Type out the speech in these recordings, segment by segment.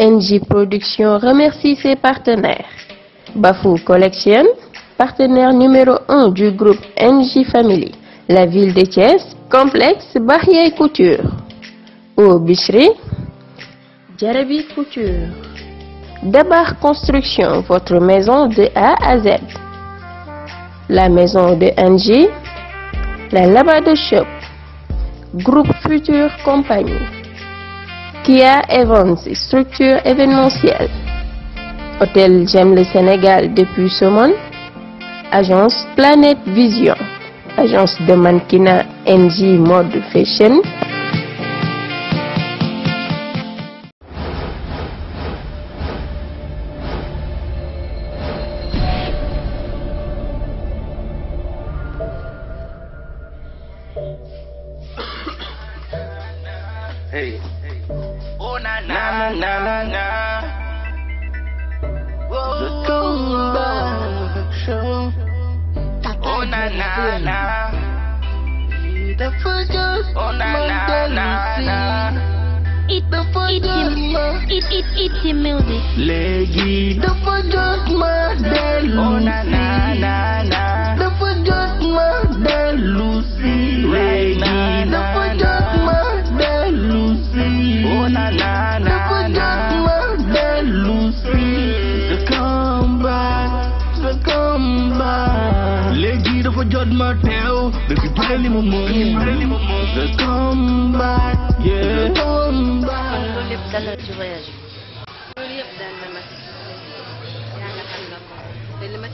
NJ Production remercie ses partenaires. Bafou Collection, partenaire numéro 1 du groupe NJ Family. La ville de Thiès, complexe Barrière et Couture. Au Bichri, Djarabi Couture. Dabar Construction, votre maison de A à Z. La maison de NJ, la de Shop, Groupe Future Compagnie. Kia Evans, structure événementielle. Hôtel J'aime le Sénégal depuis ce monde. Agence Planète Vision. Agence de mannequinat NG Mode Fashion. it, itchy music. Lady, the forgot Oh, na, na, na, na. The forgot model, Lucy. Lady, the forgot model, Lucy. Oh, na, na, na. The forgot model, Lucy. So come back, come back. Lady, the forgot model. The goodbye, limo, mum. The come back, The come back. Olha pra ela voyage.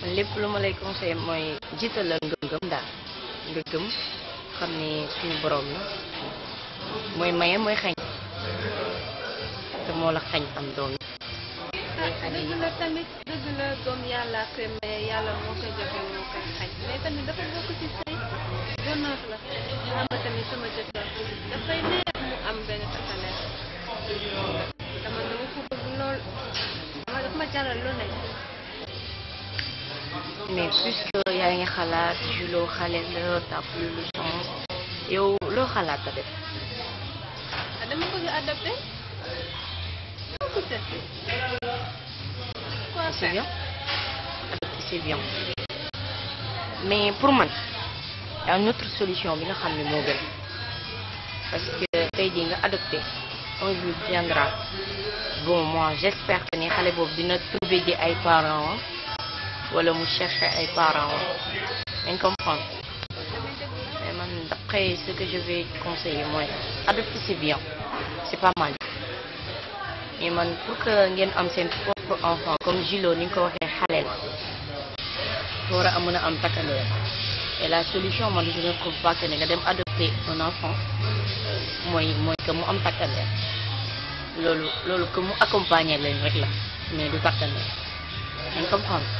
man lépp lu ma lay conseillé mooy jiitalal ngëm-ngëm daal nga gëm xam ni suñu borom la mooy maye mooy xañ te moo la xañ am doom ah, dëgg la tamit la doom yàlla ak mais yàlla moo koy joxe moo xañ mais tamit dafa bokk ci sëy bonheur la xam nga tamit sama jëkkër dafay lool dafa ma jaral lu mais puisque a ngi xalaat ci loo xale la ta plus le sens yow loo xalaat a def. dama bëgg adapté. c'est bien c'est bien mais pour moi y a une autre solution bi nga xam ne gën parce que c'est jii adopté on jour viendra bon moi j'espère que ni xale boobu dina trouver des ay parents. Hein wala mu chercher ay parents dañ comprendre mais man d'après ce que je vais conseiller moi, adopter c'est bien c'est pas mal mais man pour que ngeen am un propre enfant comme jilo ni et ko il xale la amuna am et la solution moi, je ne trouve pas que ne dem adopter un enfant moi, moi, que mu am takkandeer loolu loolu que mu accompagner les rek mais du takkandeer dañ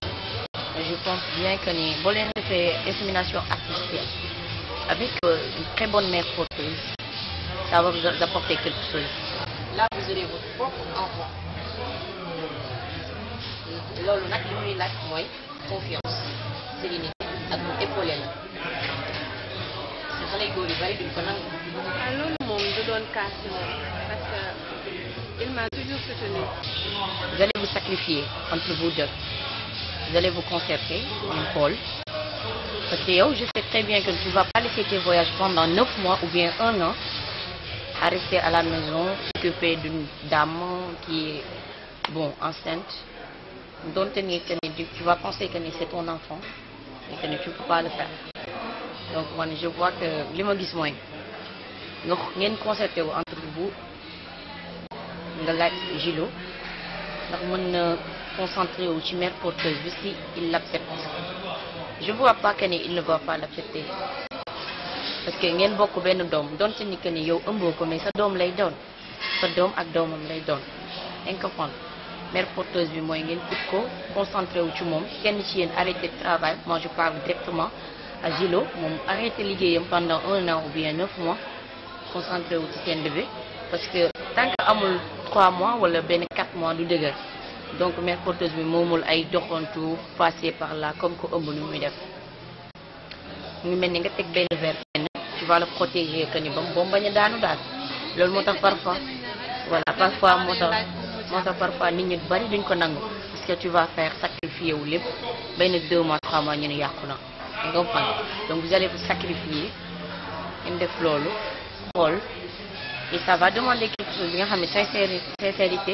je pense bien que les Bolène fait insémination artificielle avec euh, une très bonne mère protéine, ça va vous apporter quelque chose. Là, vous aurez votre propre enfant. loolu on a muy laaj mooy confiance sérénité une mu épaulé la te xale yu góor le voir. duñ ko nangu. waaw ah, loolu parce qu'il m'a toujours soutenu. vous allez vous sacrifier entre vous deux vous allez vous concerter, en Paul. Parce que je sais très bien que tu ne vas pas laisser tes voyages pendant 9 mois ou bien 1 an à rester à la maison, s'occuper d'une dame qui est, bon, enceinte. Donc, tu vas penser que c'est ton enfant et que tu ne peux pas le faire. Donc, moi, je vois que les mots disent moins. Donc, il y a une entre vous, Gilo ndax mën na euh, concentré wu ci mère porteuse bi si il l'accepte je vois pas que il ne va pas l'accepter parce que ngeen bokk benn doom doon te ni que ni yow ëmboo ko mais sa doom lay doon sa doom ak doomam lay doon incomprendre mère porteuse bi mooy ngeen ut ko concentré wu ci moom kenn ci yéen arrêté travail moi je parle directement à Gilo moom arrêté liggéeyam pendant un an ou bien neuf mois concentré wu ci seen bébé parce que tant que amul trois mois wala benn chaque mois du dégât donc mes porteuse bi moomul ay tout passer par là comme que ëmb nu muy def nous mel ni nga teg benn verre tu vas le protéger que ni ba mu bañ a daanu le loolu moo parfois voilà parfois moo tax parfois nit ñi bari duñ ko nangu parce que tu vas faire sacrifier wu lépp ben deux mois trois mois ñu ne yàqu nga donc vous allez vous sacrifier une des loolu et ça va demander quelque chose bi nga xam ne sincérité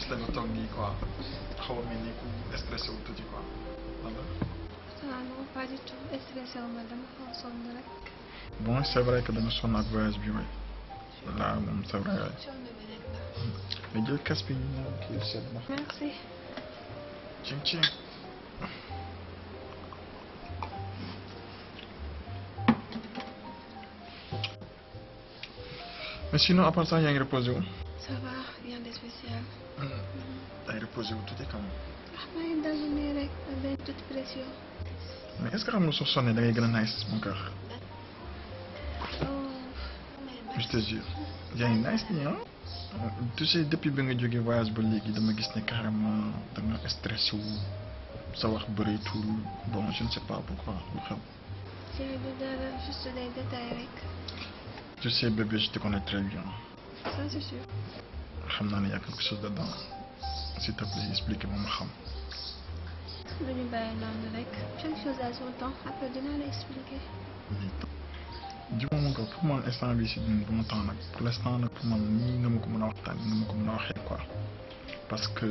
islamotongi-koa, kavmilik espresi unutucu não Anladın mı? Sadece espresi olmadım son olarak. Bunu severek adını son advayaz bir way. La mum não Ne gel kaspi não kilsedme. Merci. Çin çin. Mais não à part ça, il não, a un repos Ça va, rien de especial. ay reposé wu tuuti quand même. ah maa dans dalu ne avec toute pression. mais est-ce que xam nga soo sonnee da ngay gën nice mon cœur. je te jure a une nice non hein? ah. tu sais depuis que bi nga jógee voyage ba léegi dama gis que carrément da nga stressé wu sa wax tout. bon je ne sais pas pourquoi lu xew. c'est du juste des détails rek. tu sais bébé je te connais très bien. ça c'est sûr. xam naa ne y a quelque chose dedans s'il te plaît expliquer ma ma xam. lu ñu bàyyi noonu rek la expliquer. ko pour man instant bi si dund ba mu temps nag pour man nii nga ko mën a waxtaan nga ma ko mën a waxee quoi parce que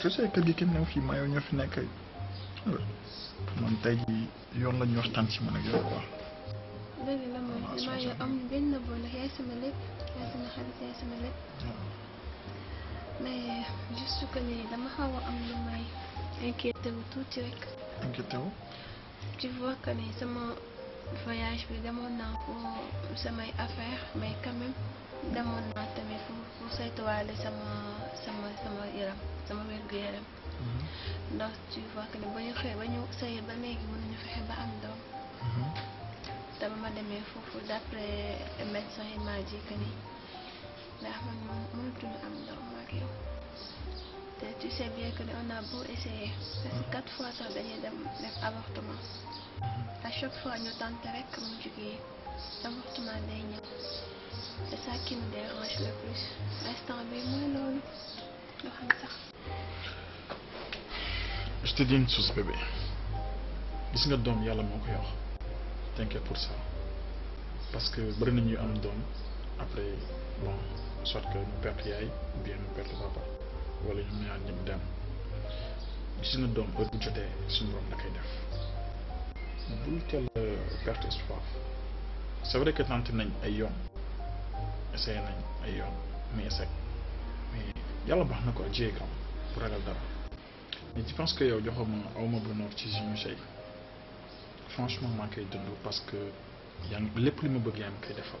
tu sais kër gi kenn new fii maa ñoo fi nekk pour man tey jii yoon la ñuy waxtaan si man ak yow quoi. dëgg la moom damaa ah, yow am benn bopp yaay sama lépp yaay sama xarit yaay sama lépp. mais juste que ne dama xaw a am lu may inquiété wu tuuti rek. inquiété wu. tu que ne sama voyage bi demoon naa pour samay affaire mais quand même naa tamit pour pour saytuwaale sama sama sama yaram sama wér-gu-yaram. Mm-hmm. ndax tu vois que ne ba ñu xëy ba ñu sëy ba léegi fexe ba am doom. Mm-hmm. te ba ma demee foofu d' médecin yi maa ji ndax man mënatuñu am doom. tu sais bien que on a beau essayer c'est quatre fois sax A dem def à chaque fois nous tentons rek nous jógee avortement day ñëw c'est ça qui nous dérange le plus Restons bien mooy loolu loo xam je te dis une chose bébé Si gis nga il y a ko yor t'inquiète pour ça parce que bëri na ñuy un doom après bon. soit que mu perte yaay ou bien mu perte papa ñu ñoom ñaar ñëpp dem gis na doom heure jotee suñu borom koy def bul teel perte espoir c'est vrai que tenté nañ ay yoon essayé nañ ay yoon muy essayé mais yàlla baax na ko jiyee kam pour ragal dara mais je pense que yow joxoon ma aw ma bonheur ci suñu sëy franchement maa koy dund parce que yaa lépp li ma bëgg yaa ngi koy defal.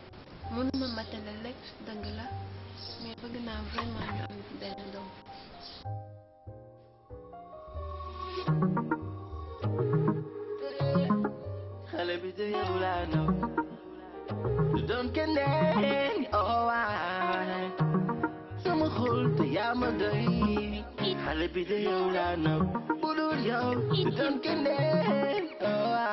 mënuma matale lekk dëgg la mais bëgg naa vraiment am benn doom xale bi de yow laa oh sama xol yaa ma doy xale bi de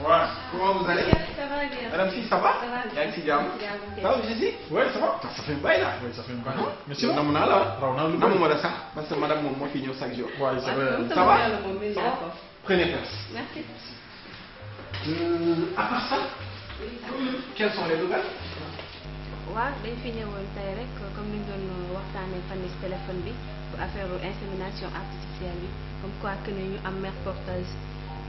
Voilà. Comment vous allez Ça va Madame Si, ça va Ça va bien. Yank Ça va, Jésus Ouais, ça va. Ça fait un bail là. Ouais, ça fait un bail. Monsieur on a la. Nam mo da ça. parce que madame moi, moo fi chaque jour. Ouais, c'est vrai. Ah, ça va Prenez place. Merci. Euh, à part ça, quelles sont les nouvelles oui, ben fi euh, comme nous donnons doon téléphone pour faire affaire insémination artificielle comme quoi que nous ñu portage mère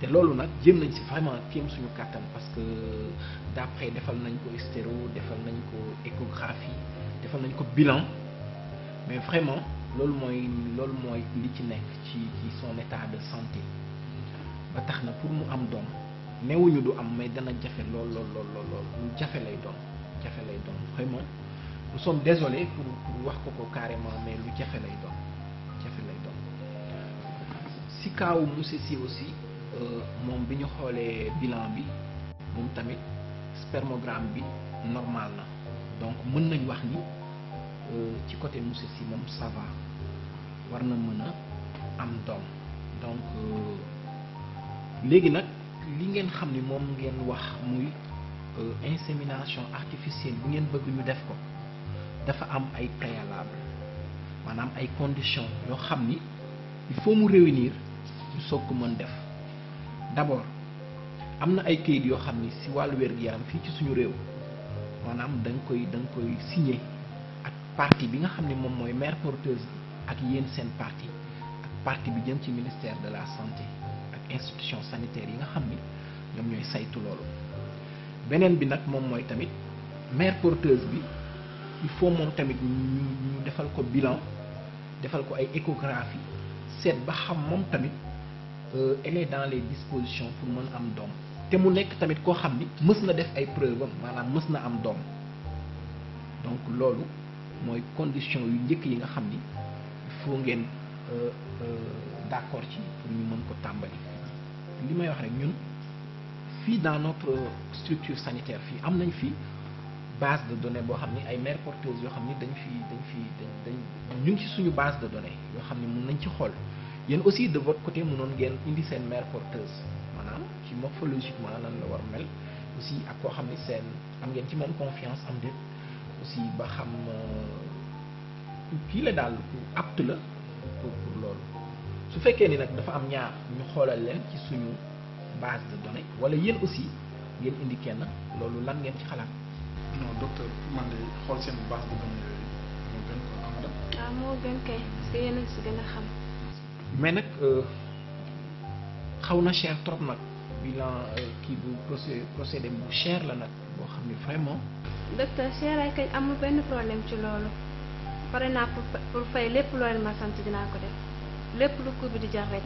te loolu nag jéem nañ si vraiment kéem suñu kàttan parce que d'après defal nañ ko stéro defal nañ ko échographie defal nañ ko bilan mais vraiment loolu mooy loolu mooy li ci nekk ci ci son état de santé ba tax na pour mu am doom newuñu du am mais dana jafe lool lool lool lool lool lu jafe lay doon jafe lay doon vraiment nous sommes désolés pour pour wax ko ko carrément mais lu jafe lay doon jafe lay doon si kaaw monsieur si aussi euh, mon bi ñu bilan bi mom tamit spermogramme bi normal na donc mën nañ wax ni euh, ci côté monsieur si mom ça va war na am dom donc euh, légui nak li ngeen xamni mom ngeen wax muy insémination artificielle bu ngeen bëgg ñu def ko dafa am ay préalable manam ay conditions yo xamni il faut mu réunir ñu sokku mën def d'abord am na ay kayit yoo xam ni si wàllu wér-gu-yaram fii ci suñu réew maanaam danga koy da nga koy signe ak parti bi nga xam ne moom mooy mère porteuse ak yéen seen parti ak parti bi jëm ci ministère de la santé ak institution sanitaire yi nga xam ni ñoom ñooy saytu loolu beneen bi nag moom mooy tamit mère porteuse bi il faut moom tamit ñu defal ko bilan defal ko ay échographie seet ba xam moom tamit Euh, elle est dans les dispositions pour mon am dom té mu nek tamit ko xamni ni na def ay preuve am maanaam na am dom donc lolu moy condition yu njëkk yi nga xamni fo il euh euh d'accord ci pour ñu mëne ko tambali li may wax rek ñun fi dans notre structure sanitaire fi am nañ fi base de données bo xamni ay mère porteuses yo xamni dañ fi dañ fi dañ ñu ci suñu base de données yo xamni ni nañ ci xol yéen aussi de votre côté mënoon ngeen indi seen mère porteuse maanaam ci morphologiquement nan la war mel aussi ak koo xam ne seen am ngeen ci man confiance am déet aussi ba xam kii euh, la daal ku apte la pour pour loolu su fekkee ni nag dafa am ñaar ñu xoolal leen ci suñu base de données wala yéen aussi ngeen indi kenn loolu lan ngeen ci xalaat. non docteur man de xool seen base de données yooyu moo gën ko am. waaw ah, moo gën kay parce que yéen a si gën a xam mais nak euh, a na cher trop bilan euh, procédé cher vraiment. docteur cher ay problème ci pour fay ma sant ko def lu di rek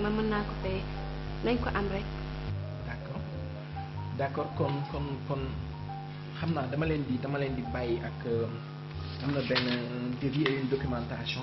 d'accord d'accord kon kon kon une documentation.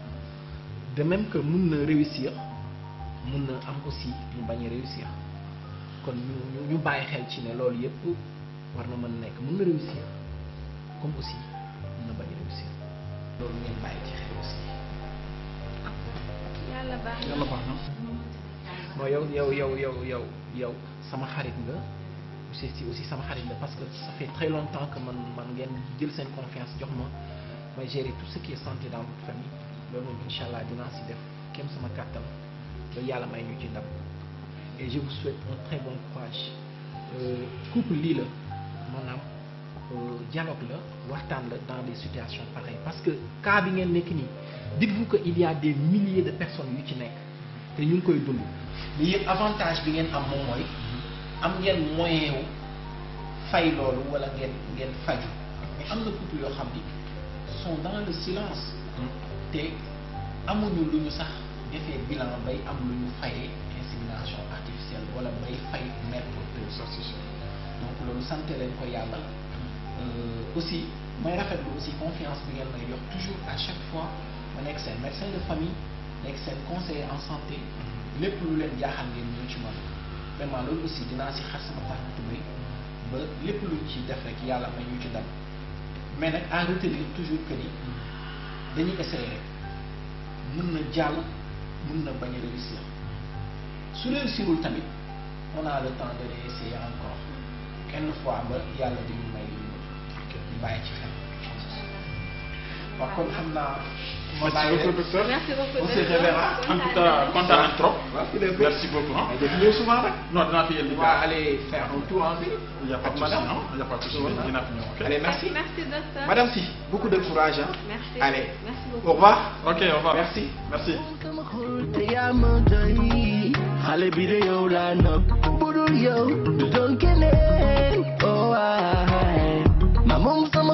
de même que nous réussir nous na aussi réussir kon ñu nous xel ci ne war na réussir comme aussi mun na réussir baye ci xel aussi. yalla baax yalla baax non yow yow yow yow yow yow sama xarit nga aussi sama xarit parce que ça fait très longtemps que man man ngeen confiance jox ma gérer tout ce qui est santé dans votre famille loolu moom incha allah dinaa si def kem sama kàttan ba yàlla may ñu ci ndam et je vous souhaite un très bon courage euh, couple lii la maanaam euh, dialogue la waxtaan la dans des situations pareilles parce que cas bi ngeen nekk nii dites-vous que il y a des milliers de personnes yu ci nekk te ñu ngi koy dund mais yéen avantage bi ngeen am moom mooy am ngeen moyen wu fay loolu wala ngeen ngeen faju mais am na couple yoo xam ni sont dans le silence té amuñu luñu sax defee bilan bay am lu ñu insémination artificielle wala bay fay mère porteuse donc loolu santé leen ko yalla euh aussi may rafetlu aussi confiance bi ngeen may jox toujours à chaque fois ma nekk médecin de famille nekk seen conseiller en santé lepp lu len jaaxal ngeen ñëw ci man vraiment loolu aussi dina ci xar sama tànk tubéy ba lepp lu ci def rek yalla may ñu ci dal mais nak à retenir toujours que ni dañuy essayer rek na jàll mën na bañ a réussir su réussirul tamit on a le temps de réessayer encore quelquefois ba yàlla dañu may lu ci xel merci beaucoup merci beaucoup hein. hein? faire un tour il a pas de merci beaucoup de courage hein? merci allez merci beaucoup au revoir. ok au revoir merci merci.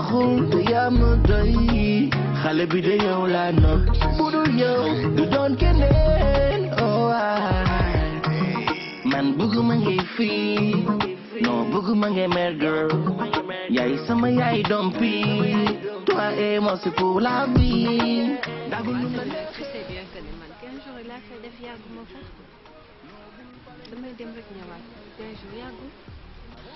neexul te yaa ma doy xale bi de yow laa nopp bu dul yow du doon keneen oh ah. man bëgguma ngay fii non bëgguma ngay mer girl yaay sama yaay dompi toi et moi c'est pour la vie.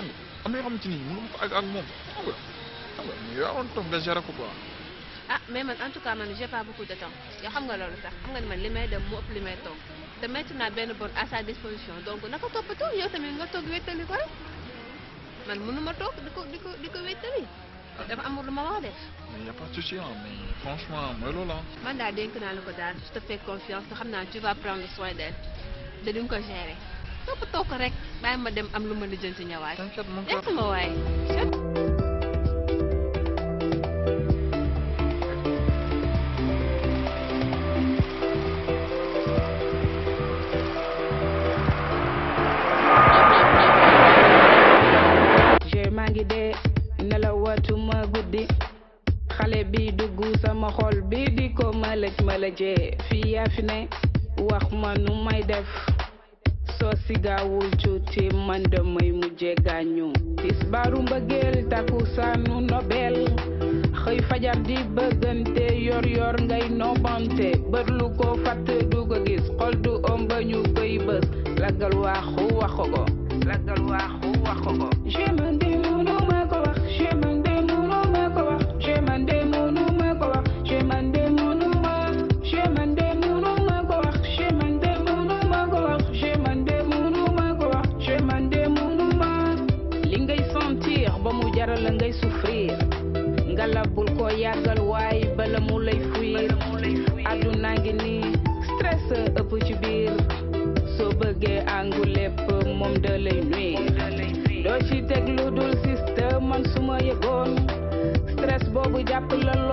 xam nga am pas beaucoup de temps je te fais confiance tu vas prendre soin d'elle te di nga gérer. nga ma dem am lu ma lijjanti ñëwaat. def sama waay. maa ngi dee nelawatuma guddi xale bi dugg sama xol bi di ko mëlëj mëlëjee fii yaa ne wax ma nu may def si gaawul cuuti man damay mujje gaañu tisbaaru mbëggeel takkusaanu nobel xëy fajar di bëggante yor yor ngay nobante bët lu ko fàtt du ko gis xol du om ba ñu koy bës lagal waa we got a little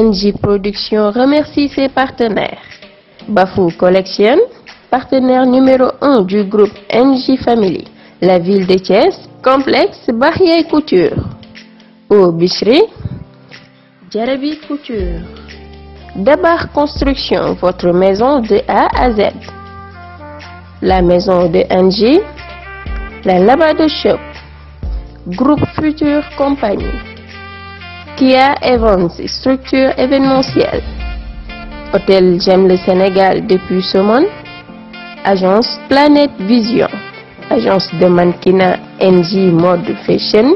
NJ Production remercie ses partenaires. Bafou Collection, partenaire numéro 1 du groupe NJ Family. La ville de Thiès, complexe Barrière Couture. Au Bichri, Djarabi Couture. Dabar Construction, votre maison de A à Z. La maison de NJ, la Labado Shop, Groupe Future Compagnie. Kia et structure événementielle. Hôtel J'aime le Sénégal depuis ce monde. Agence Planète Vision. Agence de mannequinat NG Mode Fashion.